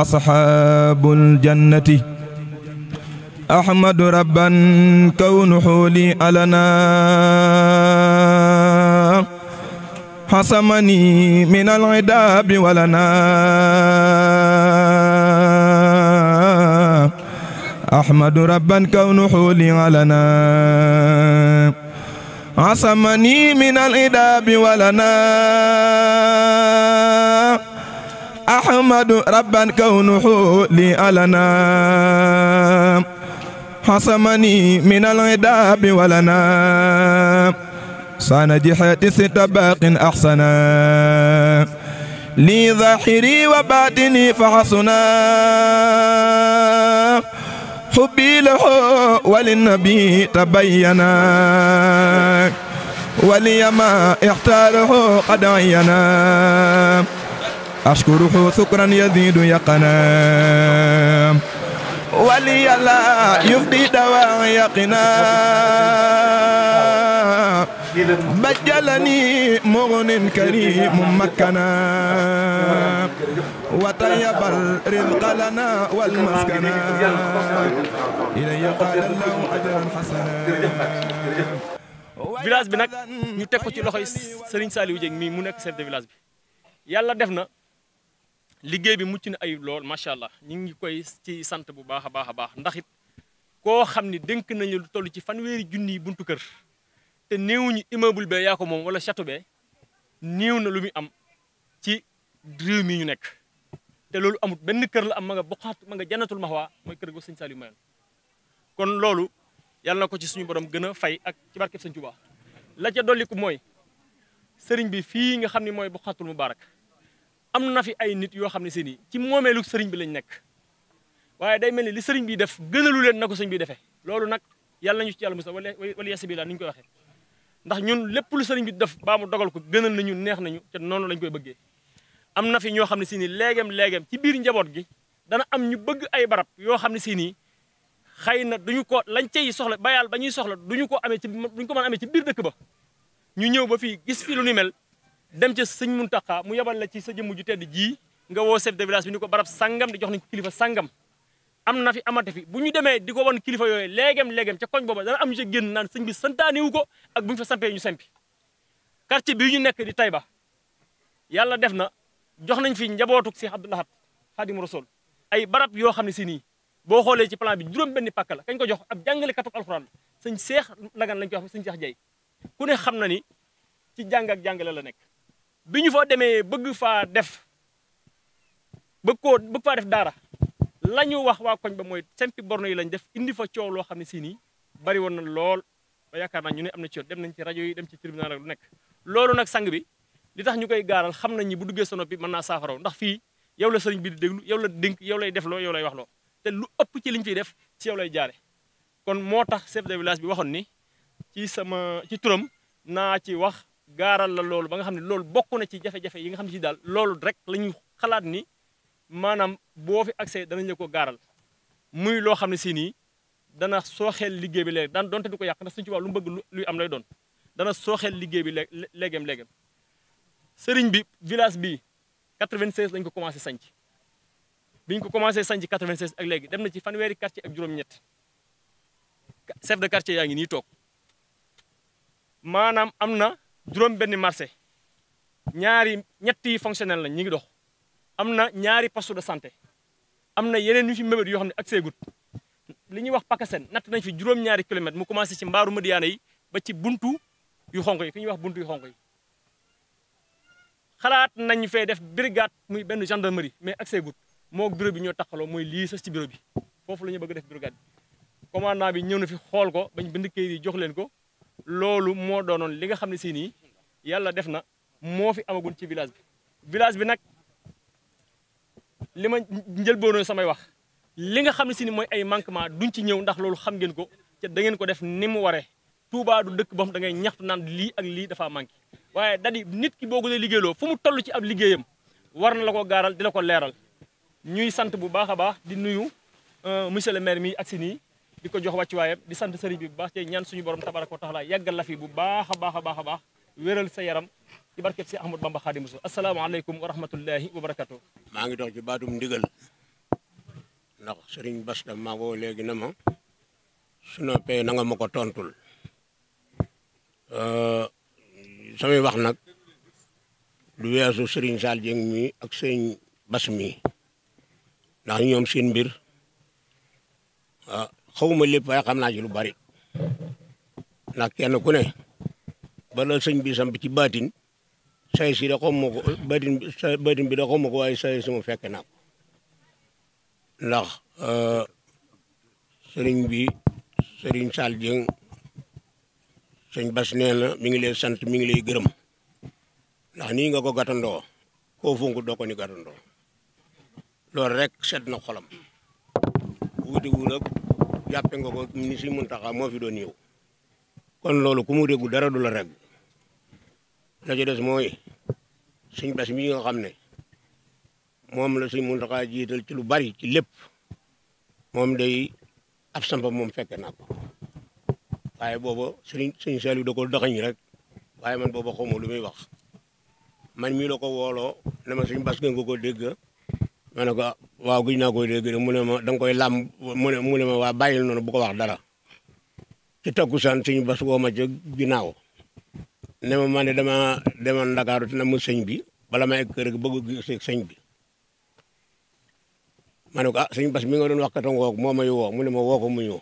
أصحاب الجنة أحمد ربا كون حولي ألنا حصمني من العذاب ولنا أحمد ربا كون حولي علنا عصمني من العذاب ولنا أحمد ربا كونه لي ألنا حصمني من العذاب ولنا صان جحات ست باق أحسنا لي ظاهري وباطني فحسنا حبي له وللنبي تبينا وليما اختاره قد عينا أشكره شكرا يزيد يقنا ولي لا يفدي دواء يقنا بجلني مغن كريم مكنا وطيب الرزق لنا والمسكنا إلي قال الله أجرا حسنا village bi nag ñu teg ko ci loxoy Serigne Saliou Dieng mii mu nekk chef de village bi yàlla def na liggéey bi mucc na ayib lool macha allah ñu ngi koy ci sant bu baax a baax a baax ndax it koo xam ni dénk nañu lu toll ci fanweeri junni yi buntu kër te néewuñu immeuble bee yaa ko moom wala château bee néew na lu muy am ci réew mi ñu nekk. te loolu amut benn kër la am ma nga boqaat ma nga janatul maxwaa mooy kër go sëñ Saliou mayoon kon loolu yàlla ko ci suñu borom gën a fay ak ci barkeb sëñ Tuubaa la ca dolliku mooy sëriñ bi fii nga xam ne mooy boqaatul mubaarak am na fi ay nit yoo xam ne seen i ci moomeelu sëriñ bi lañ nekk waaye day mel ni li sëriñ bi def gënalu leen na ko sëriñ bi defee loolu nag yàlla nañu ci yàlla musa wala wala bi laa ni ñu koy waxee ndax ñun lépp lu sëriñ bi def baa mu dogal ko gënal nañu neex nañu te noonu lañ koy bëggee am na fi ñoo xam ne si nii léegam léegam ci biir njaboot gi dana am ñu bëgg ay barab yoo xam ne si nii xëy na duñu ko lañ cey soxla bayal ba ñuy soxla duñu ko amee ci duñu ko mën amee ci biir dëkk ba ñu ñëw ba fii gis fi lu dem ca sëñ Muntaxa mu yebal la ci sa jëmm ju tedd ji nga woo chef de bi ni ko barab sangam di jox nañ ko kilifa sangam am na fi amate fi bu ñu demee di ko wan kilifa yooyu léegam léegam ca koñ booba dana am ñu ca génn naan sëñ bi santaane wu ko ak bu ñu fa sampee ñu sempi quartier bii ñu nekk di Taïba yàlla def na jox nañ fi njabootuk Cheikh Abdou Lahad Khadim Rasoul ay barab yoo xam ne si nii boo xoolee ci plan bi juróom benn la kañ ko jox ab jàngale katuk alxuraan la sëñ Cheikh Lagan lañ ko sëñ Cheikh Jay ku ne xam na ni ci jàng ak jàngale la nekk bi ñu fa demee bëgg faa def bëgg koo bëgg faa def dara la ñu wax waa koñ ba mooy sempi borno yi lañu def indi fa coow loo xam ne si nii bari woon na lool ba yaakaar naa ñu ne am na ci yoon dem nañ ci rajo yi dem ci tribunal ak lu nekk loolu nag sang bi li tax ñu koy gaaral xam nañ ni bu duggee sono bi mën naa saafaraw ndax fii yow la sëriñ bi di déglu yow la dénk yow lay def loo yow lay wax loo te lu ëpp ci liñ fiy def ci yow lay jaare kon moo tax chef village bi waxoon ni ci sama ci turam naa ci wax gaaral la loolu ba nga xam ne loolu bokk na ci jafe-jafe yi nga xam ne si daal loolu rek la ñuy xalaat ni maanaam boo fi accès danañ la ko gaaral muy loo xam ne si nii dana sooxeel liggéey bi léegi daan donte du ko yàq ndax suñu ci wàllu lu mu bëgg luy am lay doon dana sooxeel liggéey bi léeg léegam léegam sëriñ bi village bi 96 lañ ko commencé sañc biñ ko commencé sanc 96 ak léegi dem na ci fanweeri quartier ak juróom-ñett chef de quartier yaa ngi nii toog maanaam am na juróom benn marché ñaari ñetti fonctionnel lañ ñu ngi dox am na ñaari poste de santé am na yeneen ñu fi mébét yoo xam ne ak seegut li ñuy wax Pakasen natt nañ fi juróom-ñaari kilomètre mu commencé ci mbaaru Madiana yi ba ci buntu yu xonk yi fi ñuy wax buntu yu xonk yi xalaat nañ fee def brigade muy benn gendarmerie mais ak seegut moo bureau bi ñoo taxaloo mooy lii sës ci bureau bi foofu la ñu bëgg def brigade bi commandant bi ñëw na fi xool ko bañ bind kayit yi jox leen ko loolu moo doonoon li nga xam ne si nii yàlla def na moo fi amagun ci village bi village bi nag li ma njëlboonoon samay wax li nga xam ne si ni mooy ay manquement duñ ci ñëw ndax loolu xam ngeen ko ca da def ni mu waree Touba du dëkk boo xam da ngay ñaxtu naan lii ak lii dafa manqué waaye dadi nit ki boo ko dee liggéeyloo fu mu tollu ci ab liggéeyam war na la ko gaaral di la ko leeral ñuy sant bu baax a baax di nuyu euh, monsieur le maire mi ak si nii di ko jox wàccuwaayam di sant sëriñ bi bu baax te ñaan suñu borom tabaraka wa taala yàggal la fi bu baax a baax a baax a baax wéral sa yaram ci barkeb si Ahmadu Bamba Xaadimu Rasuul asalaamaaleykum wa rahmatullahi wa barakatu maa ngi dox ci baatum ndigal ndax sëriñ Bas da ma woo léegi na ma su noppee na nga ma ko tontul samay wax nag lu weesu sëriñ Sall Dieng mi ak sëriñ Bas mi ndax ñoom seen mbir ah, xawma lépp waaye xam naa ci lu bari ndax kenn ku ne bala sëñ bi samp ci baatin say si da xaw ma ko baatin bi baatin bi da xaw ma mu fekk naa ko ndax euh, sëriñ bi sëriñ Sall Dieng sëñ Bas nee mi ngi lay sant mi ngi lay gërëm ndax nii nga ko gàttandoo koo fonk doo ko ni loolu rek set na xolam wuute wu jàppe nga ko ni si Muntaxa moo fi doon ñëw kon loolu ku mu régu dara du la reg la ci des mooy suñ bés mi nga xam ne moom la suñ Muntaxa jiital ci lu bari ci lépp moom day ab sampa moom fekke naa ko waaye booba suñ suñ seel yu da ko rek waaye man booba xawma lu muy wax man mii la ko wooloo ne ma suñ bas nga ko dégg ma ne ko ah, waaw gis naa koy dégg de mu ne ma da ko koy làmm mu ne mu ne ma waa bàyyil noonu bu ko wax dara ci takkusaan suñu bas woo ma ca ginnaaw ne ma man de dama demoon Ndakaaru te na mu sëñ bi bala may kër gi bëgg bi ma ne ko ah sëñ bas mi nga doon wax kattan woo moo woo mu ne ma woo ko mu ñëw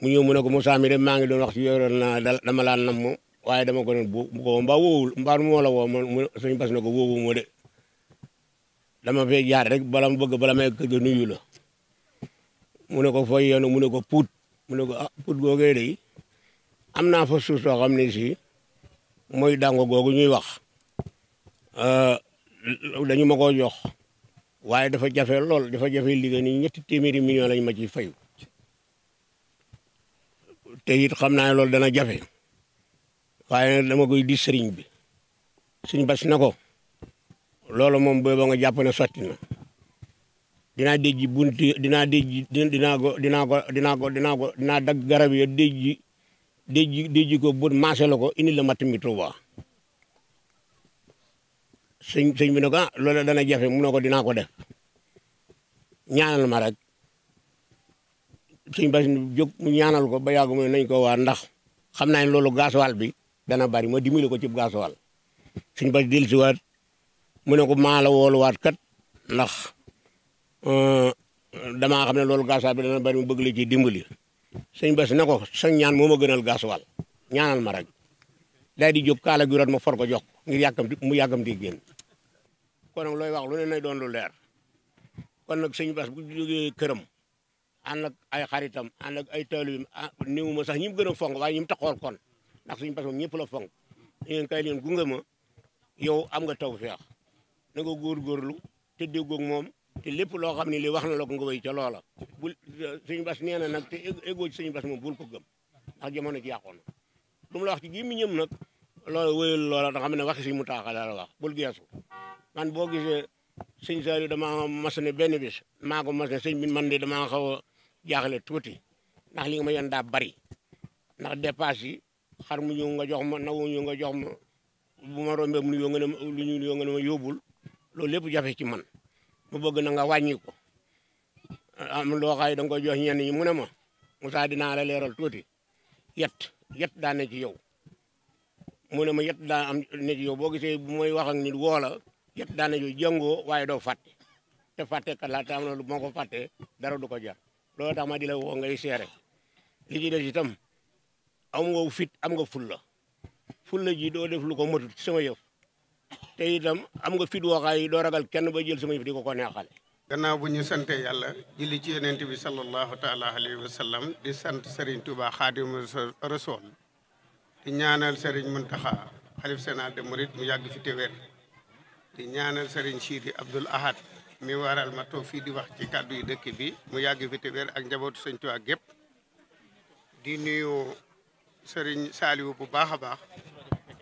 mu ñëw mu ne ko Moussa mi de maa ngi doon wax ci yoroon naa dama laa nam waaye dama ko doon bu ko mbaa woowul mbaa moo la woo ma bas ne ko woowu moo de dama fee jaar rek balam ma bëgg bala may kër ga nuyu la mu ne ko fooy yéen mu ne ko puut mu ne ko ah puut googee de am naa fa suuf soo xam ne si mooy dango googu ñuy wax euh, dañu ma ko jox waaye dafa jafe lool dafa jafe liggéey ni ñetti téeméeri million lañ ma ci fayu te it xam naa ne loolu dana jafe waaye dama koy di sëriñ bi sëriñ bas na ko loolu moom booy ba nga jàpp ne sotti na dinaa déjji bunti dinaa déjji dinaa ko dinaa ko dinaa ko dinaa ko dinaa dagg garab yi déjji déjji déjji ko bu maase la ko indi la matt mi Tuuba sëñ sëñ bi ne ko ah loolu dana jafe mu ko dinaa ko def ñaanal ma rek sëñ Bass jóg mu ñaanal ko ba yàgg mu nañ ko waa ndax xam naa ne loolu gasoil bi dana bari ma dimbali ko ci gasoil sëñ Bass dellusiwaat mu ne ko maa la wooluwaat kat ndax euh, damaa xam ne loolu gaasuwaal bi dana bari mu bëgg la ciy dimbali sëñ bas na ko sa ñaan moo ma gënal gaasuwaal ñaanal ma rek daal di jóg kaala gi rot for ko jox ngir yàggam mu yàggam di génn ko nag looy wax lu ne nay doon lu leer kon nag sëñ bas bu jógee këram ànd ak ay xaritam ànd ak ay taalibim ah, néew ma sax ñi mu gën a fonk waaye ñi mu taxool kon ndax sëñ bas moom ñëpp la fonk ñu kay leen gunge ma yow am nga taw feex góor góor lu te déggoog moom te lépp loo xam ne li wax na la ko nga wéy ca loola bul suñu bas nee na nag te égoo ci suñu bas moom bul ko gëm ndax jamono ji yàqoon la wax ci gii mi ñëm nag loo wéyul loola da xam ne waxi si mu taaxa la wax bul geesu man boo gisee sëñ Saliou damaa mas ne benn bis maa ko mas ne sëñ bi man de damaa xaw a jaaxle tuuti ndax li ma yoon daa bari ndax dépasse yi xar mu ñëw nga jox ma nawu ñëw nga jox ma bu ma rombee mu nuyoo nga ne ma lu ñu nuyoo loolu lépp jafe ci man mu bëgg na nga wàññi ko am loo xaay da nga koy jox ñenn ñi mu ne ma Moussa dinaa la leeral tuuti yet yet daa ne ci yow mu ne ma yet daa ne ci yow boo gisee bu mooy wax ak nit woo la yet daa ne yow jëngoo waaye doo fàtte te fàtte kat laa taam loolu moo ko fàttee dara du ko jar loolu tax ma di la woo ngay seere li ci des itam am nga fit am nga fulla fulla ji doo def lu ko matut sama yëf te itam am nga fit waxaay doo ragal kenn ba jël sama yëf di ko ko neexale gannaaw bu ñu santee yàlla julli ci yonent bi sallallahu taala alayhi wa sallam di sant Serigne Touba Xaadimu Rasuul di ñaanal Serigne Muntaxa xalif sénat de mu yàgg fi téwéer di ñaanal Serigne Sidi Abdoul Ahad mi waral ma toog fii di wax ci kàddu yi dëkk bi mu yàgg fi téwéer ak njabootu Serigne Touba gépp di nuyu Serigne Saliou bu baax a baax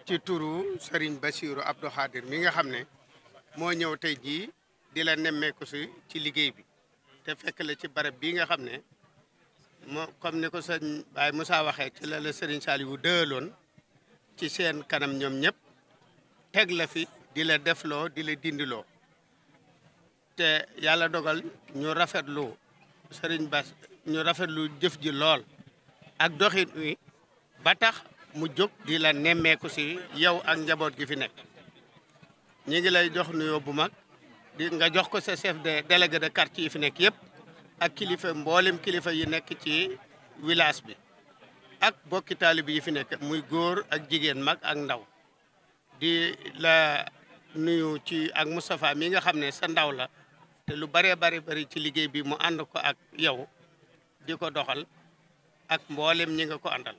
ci turu Serigne Bassirou Abdou Khadir mi nga xam ne moo ñëw tey jii di la nemmeeku si ci liggéey bi te fekk la ci barab bii nga xam ne moo comme ni ko sëñ Baye Moussa waxee ci la la Serigne Saliou dëloon ci seen kanam ñoom ñëpp teg la fi di la loo di la dindiloo te yàlla dogal ñu rafetlu Serigne Bass ñu rafetlu jëf ji lool ak doxin wi ba tax mu jóg di la nemmeeku si yow ak njaboot gi fi nekk ñi ngi lay jox nuyoo bu mag di nga jox ko sa chef de délégué de quartier yi fi nekk yëpp ak kilifa mboolem kilifa yi nekk ci willaas bi ak bokki taalibe yi fi nekk muy góor ak jigéen mag ak ndaw di la nuyu ci ak Moustapha mi nga xam ne sa ndaw la te lu bëree bëri bëri ci liggéey bi mu ànd ko ak yow di ko doxal ak mboolem ñi nga ko àndal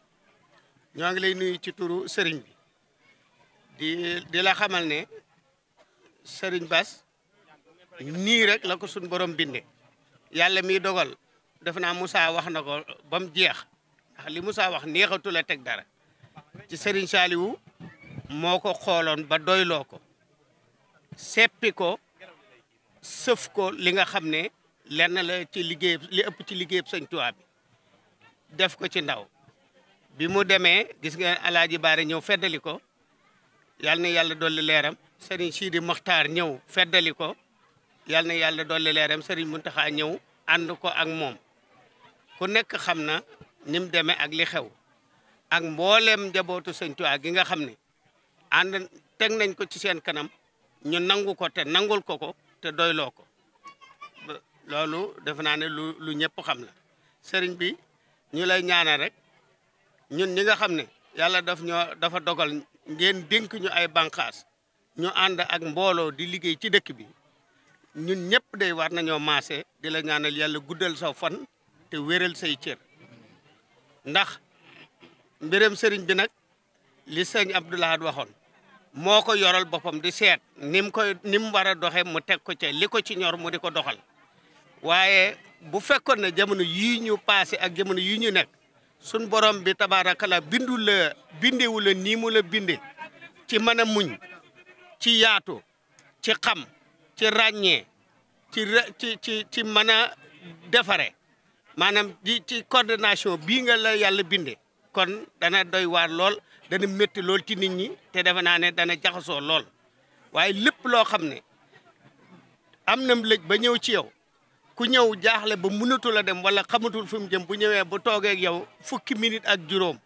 ñoo ngi lay nuyu ci turu sëriñ bi di la xamal ne sëriñ bas nii rek la ko suñ borom binde yàlla miy dogal def naa Moussa wax na ko ba mu jeex li Moussa wax neexatu la teg dara ci sëriñ Saliou moo ko xooloon ba doyloo ko seppi ko sëf ko li nga xam ne lenn la ci liggéey li ëpp ci liggéeyub sëñ Tuubaa bi def ko ci ndaw bi mu demee gis ngeen alaaji baare ñëw feddali ko yal na yàlla dolli leeram sëriñ Sidi Mokhtar ñëw feddali ko yal na yàlla dolli leeram sëriñ Muntaxa ñëw ànd ko ak moom ku nekk xam na ni demee ak li xew ak mboolem njabootu sëñ Tuubaa gi nga xam ne ànd teg nañ ko ci seen kanam ñu nangu ko te nangul ko ko te doyloo ko loolu defe naa ne lu lu ñëpp xam na sëriñ bi ñu lay ñaanal rek ñun ñi nga xam ne yàlla daf ñoo dafa dogal ngeen dénk ñu ay bànqaas ñu ànd ak mbooloo di liggéey ci dëkk bi ñun ñëpp day war nañoo maase di la ñaanal yàlla guddal sa fan te wéral say cër ndax mbiram sëriñ bi nag li sëñ Abdoul Ahad waxoon moo ko yoral boppam di seet ni ko koy ni mu war doxee mu teg ko ca li ko ci ñor mu di ko doxal waaye bu fekkoon ne jamono yii ñu passé ak jamono yii ñu nekk sun borom bi tabaaraka la bindu la bindewu nii mu binde ci mën a muñ ci yaatu ci xam ci ràññee ci ci ci ci mën a defare maanaam ci ci coordination bii nga la yàlla binde kon dana doy waar lool dana métti lool ci nit ñi te defe naa ne dana jaxasoo lool waaye lépp loo xam ne am nam lëj ba ñëw ci yow ku ñëw jaaxle ba mënatul a dem wala xamatul fi mu jëm bu ñëwee bu toogee ak yow fukki minute ak juróom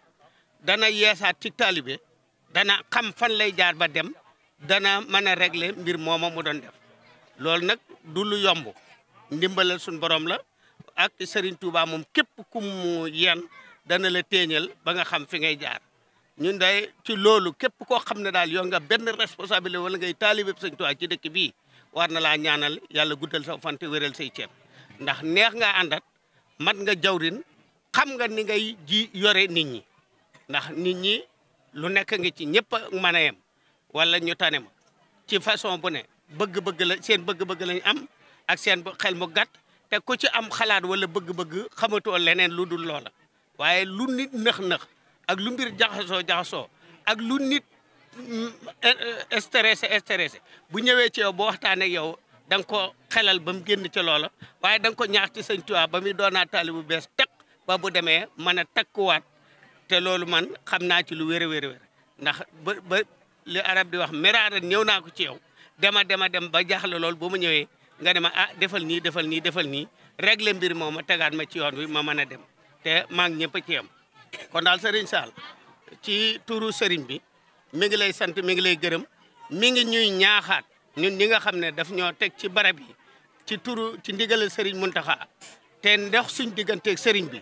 dana yeesaat ci taalibe dana xam fan lay jaar ba dem dana mën a regle mbir mooma mu doon def loolu nag du lu yomb ndimbalal suñu borom la ak Serigne Touba moom képp ku mu yen dana la téeñal ba nga xam fi ngay jaar ñun day ci loolu képp koo xam ne daal yow nga benn responsabilité wala ngay taalibe Serigne Touba ci dëkk bi war na laa ñaanal yàlla guddal sa fan say ceeb ndax neex nga àndat mat nga jawrin xam nga ni ngay ji yore nit ñi ndax nit ñi lu nekk ngi ci ñëpp mën a yem wala ñu ma ci façon bu ne bëgg-bëgg la seen bëgg-bëgg lañ am ak seen xel mu gàtt te ku ci am xalaat wala bëgg-bëgg xamatoo leneen lu dul loola waaye lu nit nëx-nëx ak lu mbir jaxasoo jaxasoo ak lu nit mm, eh, eh, stressé stressé bu ñëwee ci yow boo waxtaanee ak yow da nga ko xelal ba mu génn ci loola waaye da ko ñaax ci sëñ Tuubaa ba muy doonaa taali bu bees teg ba bu demee mën a takkuwaat te loolu man xam naa ci lu wér a wér a ndax ba ba li arab di wax miraara ñëw naa ko ci yow dema dema dem ba jaaxle loolu boo mu ñëwee nga dema ma ah defal nii defal nii defal nii régler mbir moom ma tegaat ma ci yoon wi ma mën a dem te maa ngi ñëpp a ci yem kon daal Serigne saal ci turu sëriñ bi mi ngi lay sant mi ngi lay gërëm mi ngi ñuy ñaaxaat ñu ñi nga xam ne daf ñoo teg ci barab yi ci turu ci ndigalal Serigne Mountakha te ndox suñ digganteeg sëriñ bi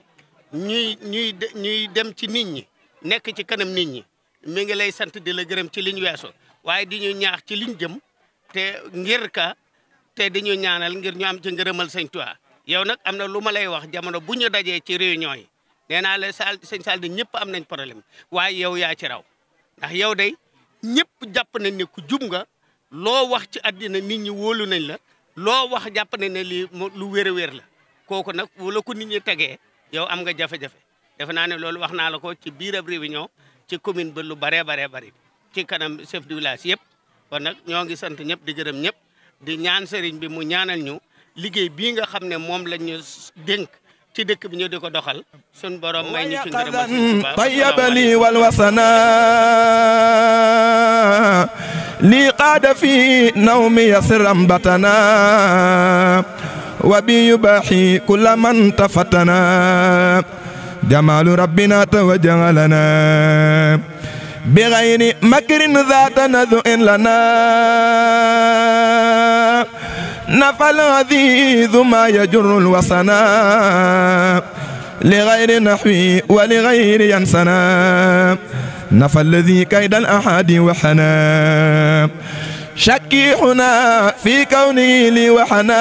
ñuy ñuy ñuy dem ci nit ñi nekk ci kanam nit ñi mi ngi lay sant di la gërëm ci liñ weesu waaye di ñu ñaax ci liñ jëm te ngir ka te di ñu ñaanal ngir ñu am ci ngërëmal sëñ Tuubaa yow nag am na lu ma lay wax jamono bu ñu dajee ci réunion yi nee naa la saal sëñ Saal di ñëpp am nañ problème waaye yow yaa ci raw ndax yow day ñëpp jàpp nañ ne ku jub nga loo wax ci àddina nit ñi wóolu nañ la loo wax jàpp ne ne lii lu wér a wér la kooku nag wala ko nit ñi tegee yow am nga jafe-jafe defe naa ne loolu wax naa la ko ci biir ab réunion ci commune ba lu baree baree bari ci kanam chef de village yëpp kon nag ñoo ngi sant ñëpp di gërëm ñëpp di ñaan sëriñ bi mu ñaanal ñu liggéey bii nga xam ne moom la ñu dénk ci dëkk bi ñu di ko doxal sun boro may ñu ci ngërëm tayyabali wal wasana لي قاد في نومي سرا بتنا وبي يباحي كل من تفتنا جمال ربنا توجعلنا بغير مكر ذات نذء لنا نفى العزيز ما يجر الوصنا لغير نحوي ولغير ينسنا نفى الذي كيد الأحد وحنا شكيحنا في كونه لي وحنا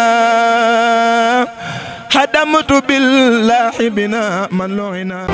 حدمت بالله بنا من لعنا